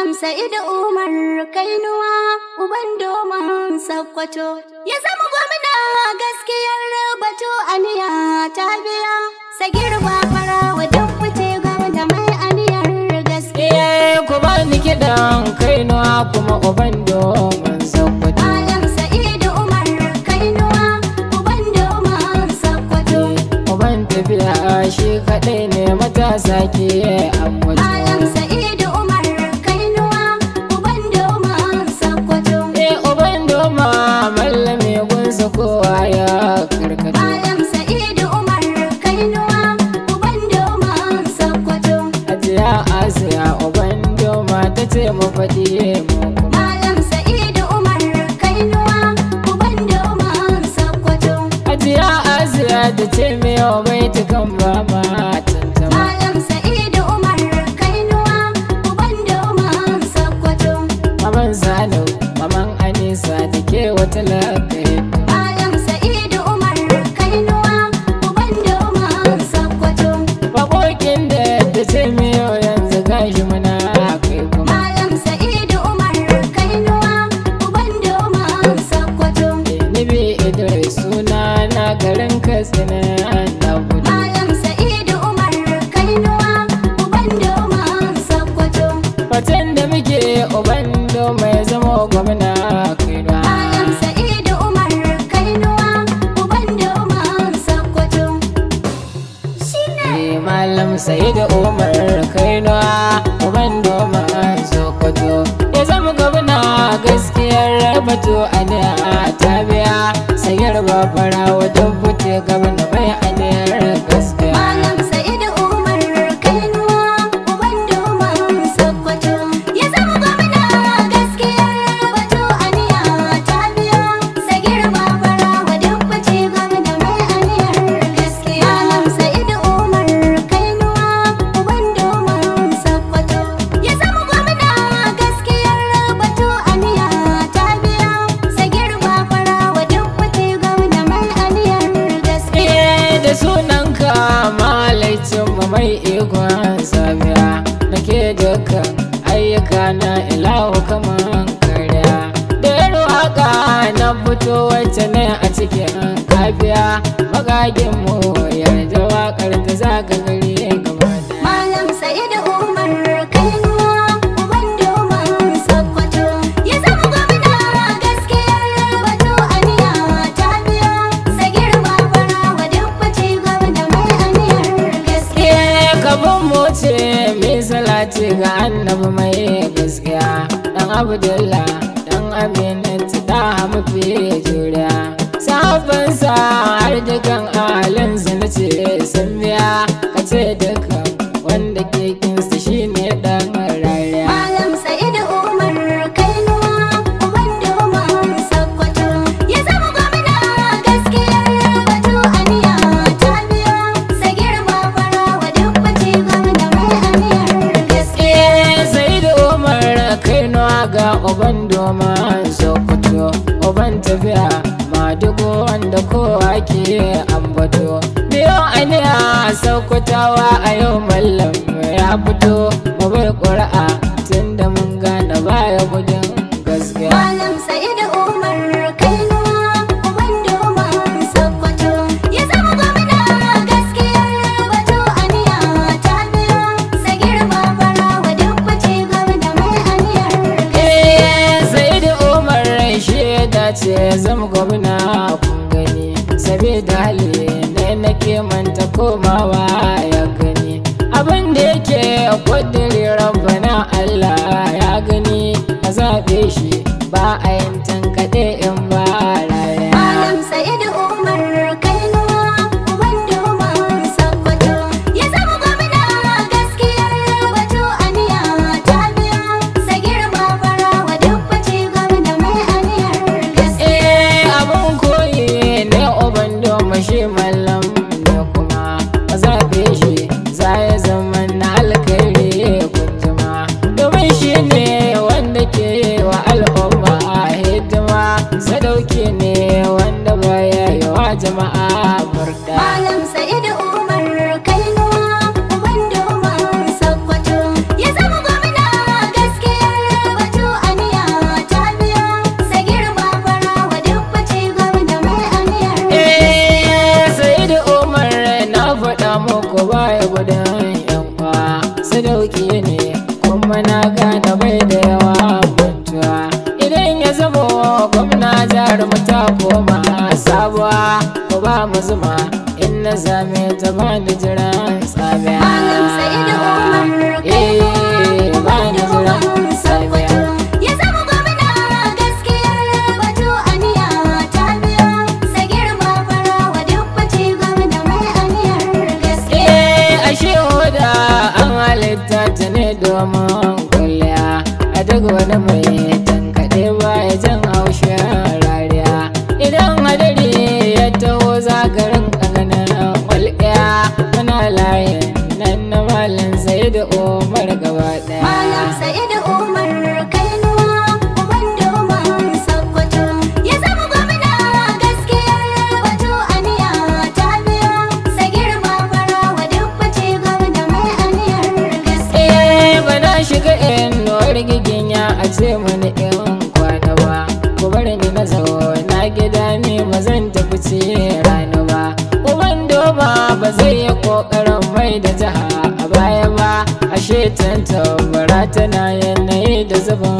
Malam Sa'id Umar Kainuwa uban domin Sakkwato ya zama gwamna gaskiyar batu aniya ta biya sagir ba wa duk wuce gwamna mai aniyar gaskiya ku ba ni kidan Kainuwa kuma uban domin Sakkwato Sa'id Umar Kainuwa uban domin uban tafiya shi kaɗai ne matasa ke asiya obando mata ce mu faɗi mu malam sa'idu umar kainuwa ubando man sakwato. ajiya asiya ta ce me yau mai kan ba ma ta malam sa'idu umar kainuwa ubando man sakkwato maman zalo maman anisa take wata lafiya so a a tabiya sayar babara wajen fute gaba na bai a na fito wacce ne a cikin kafiya magagin mu yarda wakar ta zaka gari gaba malam saye da umar kalmuwa uban domin sakwato ya zama gwamna gaskiyar a aniyawa ta biya sagir babara wa dubbace gwamna mai aniyar gaskiya kabin mu ce mai salati ga Annabu mai gaskiya dan abdullah dan amin mu fiye jura sa har dukan alin zanace sun biya ake ambato biyo a saukutawa a yau mallam ya fito mu bar ƙura'a tun da mun gane baya gudun gaskiya malam umar wanda ya zama gwamna gaskiyar batu aniya ta biyo sa girma mai eh, sa'idu umar shi ya dace zama gwamna dale ne nake manta komawa ya gani abin da yake kudiri rabbana Allah ya gani a zaɓe shi ba a yanta dauki ne kuma na gane bai da yawa mutuwa idan ya zama gwamna jihar mu sabuwa ku ba mu zuma in na zame yi ƙoƙarin mai da jiha a baya ba ashe tantabara tana yanayi da zubin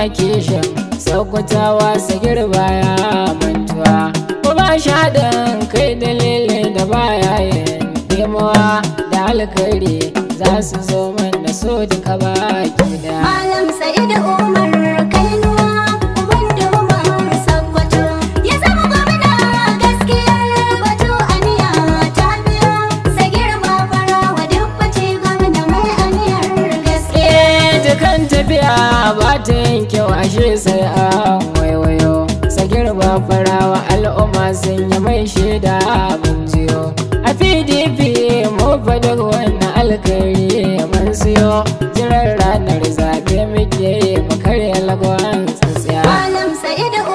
ma kishin saukutawa su girba ya mantuwa ku ba sha haɗin kai dalilin da baya yin dimawa da alkari za su zo man da so duka ki da malam sai a waiwayo sagir ba farawa al'umma sun yi mai shaida mun jiyo a pdp mu faɗi wannan alkari mun siyo jiran ranar zaɓe muke mu karya lagwan malam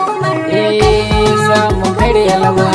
umar kai eh, mu karya lagwan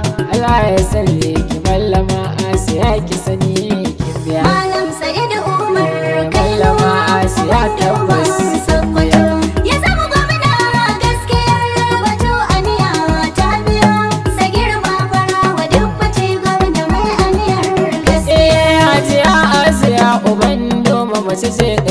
ya sanne ki mallama asiya ki sani ki biya malam sanye umar mallama asiya tabbas ya zama gwamna gaskiyar wato aniya ta biya sagir babara wa duk da gwamna mai aniyar gaskiya ya asiya uban doma mace ce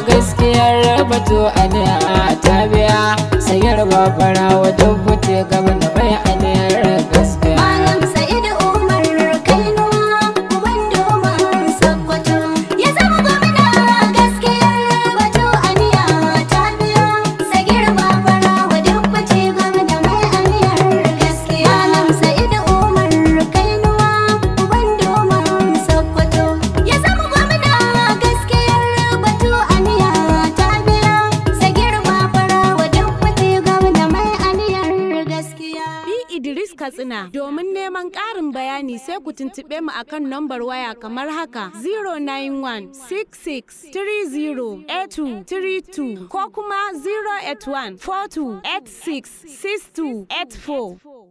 gaskiyar bato a ta biya sayar babara wa dubbute gaba na bai Katsina. Domin neman ƙarin bayani sai ku tuntuɓe mu akan nambar waya kamar haka 091-66-30-8232 ko kuma 081 42 86 62 84.